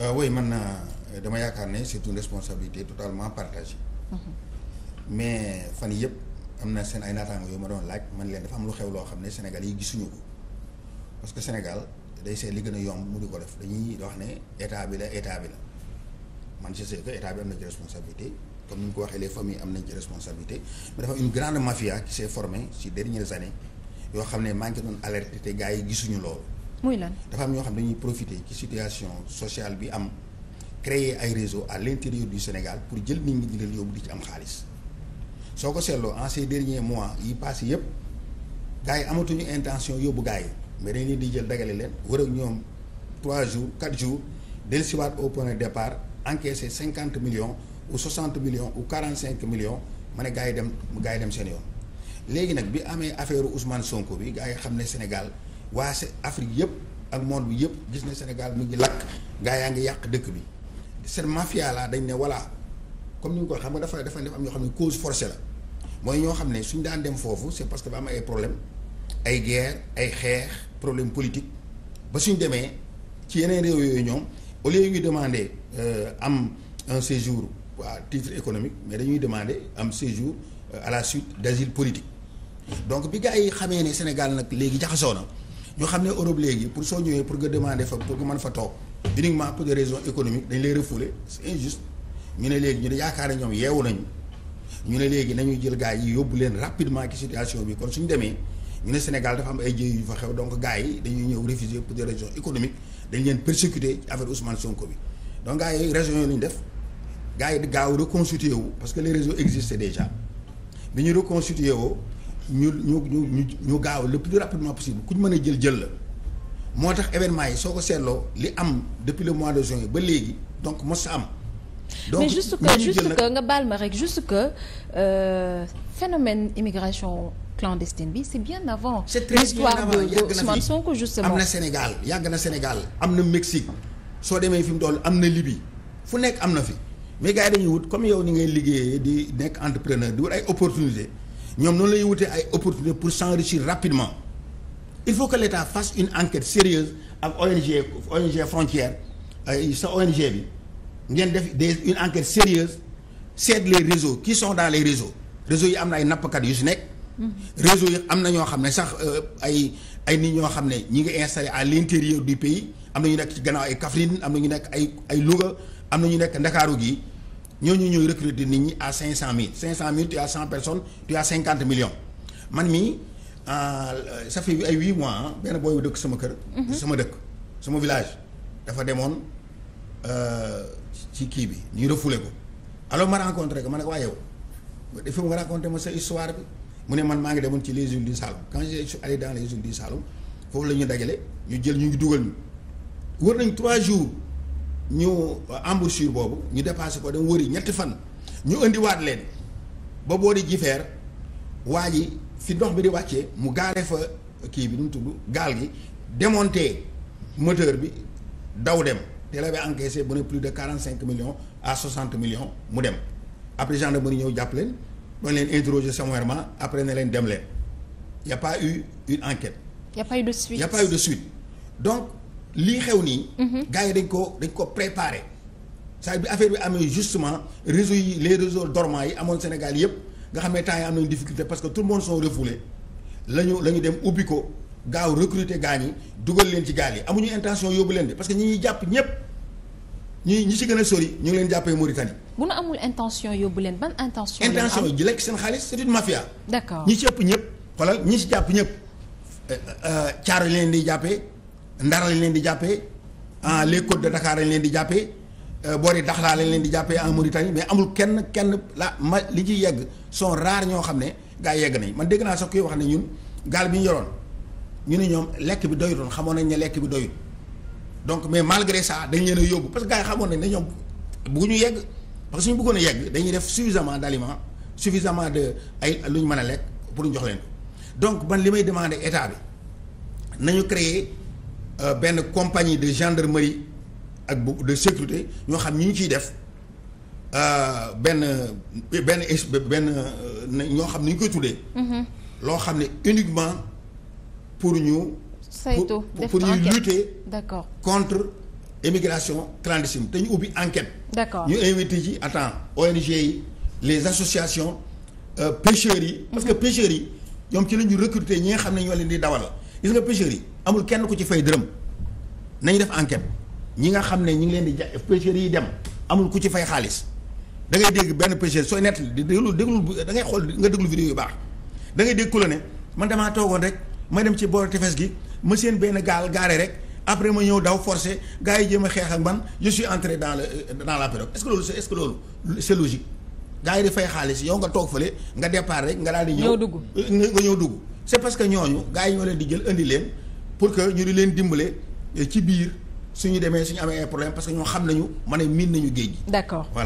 Euh, oui man euh, dama yaakaar ne c'est une responsabilité totalement partagée. Mm-hmm. mais fan yëpp am na seen ay naataango yu ma doon laaj man leen dafa am lu xew loo xam ne Sénégal yi gisuñu ko parce que Sénégal day seet li gën a yomb mu di ko def dañuy wax ne état bi la état bi la man je sais état bi am na ci responsabilité comme ni ñu ko waxee les familles am na ci responsabilité mais dafa une grande mafia qui s'est formée ces dernières années yoo xam ne maa ngi doon alerté te gars yi gisuñu loolu. muy lan dafa am ñoo xam dañuy profiter ci situation sociale bi am créer ay réseau à l'intérieur du Sénégal pour jël nit ñi di leen yóbbu di ci am xaalis soo ko seetloo en ces derniers mois yi passé yëpp gars yi amatuñu intention yóbbu gars yi mais dañ leen di jël dagale leen war ak ñoom trois jours quatre jours dellusiwaat au point de départ encaissé cinquante millions ou soixante millions ou quarante cinq millions ma ne gars yi dem gars yi dem seen yoon léegi nag bi amee affaire Ousmane Sonko bi gars yi xam ne Sénégal waa se Afrique yëpp ak monde bi yëpp gis ne Sénégal mu ngi lakk gaa yaa ngi yàq dëkk bi seen mafia la dañ ne voilà comme ni ñu ko xam nga dafa dafa def am ñoo xam ne cause forcée mooy ñoo xam ne suñ daan dem foofu c'est parce que am ay problème ay guerre ay xeex problème politique ba suñ demee ci yeneen réew yooyu ñoom au lieu ñuy demander euh, am un séjour à titre économique mais dañuy demander am séjour euh, à la suite d'asile politique donc bi gars yi xamee ne Sénégal nag léegi jaxasoo na ñu xam ne Europe léegi pour soo ñëwee pour nga demander fa pour nga mën fa toog uniquement pour des raisons économiques dañ lay refoulé c'est ñu ne léegi ñu yaakaar ne ñoom yeewu ñu ne léegi nañuy jël gars yi yóbbu leen rapidement situation bi kon suñu demee ñu ne Sénégal dafa am ay jëy yu gars yi dañuy ñëw réfugié pour des raisons économiques dañ leen persécuté ci affaire Ousmane Sonko bi donc gars yi régions yooyu lañu def gars yi gaaw reconstitué wu parce que les réseaux existaient déjà bi ñu reconstitué woo ñu ñu ñu ñu gaaw le plus rapidement possible ku ñu mën a jël jël la moo tax événement yi soo ko seetloo li am depuis le mois de juin ba léegi donc mos sa am. donc mais juste que juste que nga baal ma rek juste que euh, phénomène immigration clandestine bi c'est bien avant. c'est très bien avant l'histoire de Ousmane Sonko justement. am na Sénégal yàgg na Sénégal am na Mexique soo demee fi mu doon am na libi fu nekk am na fi mais gars yi dañuy wut comme yow ni ngay liggéeyee di nekk entrepreneur di wut ay opportunités. ñoom noonu lay wutee ay opportunité pour s'enrichir rapidement il faut que l'État fasse une enquête sérieuse ak ONG ONG frontière sa ONG bi ngeen def des une enquête sérieuse seet les réseaux qui sont dans les réseaux réseaux yi am na ay nappkat yu si nekk mhm. réseaux yi am na ñoo xam ne sax euh, ay ay nit ñoo xam ne ñi ngi installé à l'intérieur du pays am na ñu nekk ci gannaaw ay Kaffrine am na ñu nekk ay ay Louga am na ñu nekk Ndakaaru gi ñooñu ñooy recruter nit ñi à cinq cent mille cinq cent mille tu as cent personnes tu as cinquante millions man mii euh, ça fait ay huit mois benn booy bu dëkk sama kër mhm. sama dëkk sama village dafa demoon euh, ci kii bi ñu refoulé ko alors ma rencontré ko ma ne ko waa yow il faut nga raconté ma sa histoire bi mu ne man maa ngi demoon ci les îles du Saloum quand je suis allé dans les îles du Saloum foofu la ñu dajale ñu jël ñu ngi dugal ñu wër nañ trois jours ñu embouchure boobu ñu dépassé ko dem wëri ñetti fan ñu indiwaat leen ba boori jifeer waa ji fi ndox bi di wàccee mu gaaree fa kii bi nu mu tudd gaal gi démonté moteur bi daw dem te la bi encaissé bu ne plus de quarante cinq million à soixante millions mu dem après gendarmerie ñëw jàpp leen doon leen interroger sommairement après ne leen dem leen y' a une enquête. y' a de suite y' a de suite lii xew nii. Mhm. gars yi dañ ko dañ ko préparé. saa bi affaire bi amee justement réseau yi les réseaux dormants yi amoon Sénégal yëpp nga xam ne temps yi am nañu difficulté parce que tout le monde sont refoulés la la ñu dem ubbi ko gaaw recruter gaañ yi dugal leen ci gaa yi amuñu intention yóbbu leen de parce que ñi ñuy jàpp ñëpp ñi ñi ci gën a sori ñu ngi leen jàppee Mauritanie. bu nu amul intention yóbbu leen ban intention. intention yi di lekk seen xaalis c'est une mafia. d'accord ñi ci ëpp ñëpp xoolal ñi ci jàpp ñëpp euh, euh, caaro leen di jàppee. Ndar lañ leen di jàppee en ah, lecote côtes de Dakar lañ leen di jàppee euh, boori Daxlaa lañ leen di jàppee en Mauritanie mais amul kenn kenn la ma li ci yegg sont rares ñoo xam ne gaa yegg nañ man dégg naa sax kuy wax ne ñun gaal bi ñu yoroon ñu ne ñoom lekk bi doyutoon xamoon nañ ne lekk bi doyut donc mais malgré ça dañ leen a yóbbu parce que gaa xamoon nañ ne ñoom bu ñu yegg parce que suñu bëggoon a yegg dañuy def suffisamment d'aliments suffisamment de ay lu ñu mën a lekk pour ñu jox leen donc ban li may demande état bi nañu créer. Euh, benn compagnie de gendarmerie ak bu de sécurité ñoo xam ñu ngi ciy def euh, benn benn benn euh, ñoo xam ni ñu koy tuddee. Mhm. loo xam ne uniquement pour ñu. saytu def pour ñu lutter. contre immigration clandestine te ñu ubbi enquête. d'accord ñu invité ci à temps ONG yi les associations pêcheurs yi. parce que mhm. pêcheurs yi ñoom ci la ñu recruter nga xam ne ñoo leen di dawal gis nga pêcheurs yi. amul kenn ku ci fay dërëm nañu def enquête ñi nga xam ne ñi ngi leen di ja pêcheurs yi dem amul ku ci fay xaalis da ngay dégg benn pêcheur sooy nett di déglu déglu da ngay xool nga déglu vidéo yu baax da ngay dégg ku la ne man damaa toogoon rek ma dem ci boor tefes gi ma seen benn gaal gaare rek après ma ñëw daw force gars yi jéem a xeex ak man je suis entré dans le dans la pirogue est que loolu c'est est-ce que loolu c'est logique gars di fay xaalis yow nga toog fële nga départ rek daal di ñëw nga ñëw dugg c'est parce que ñooñu gars yi di jël indi leen pour que ñu di leen dimbale eh, ci biir suñu demee suñu amee ay problème parce que ñoo xam nañu ma ne miin nañu géej gi. d'accord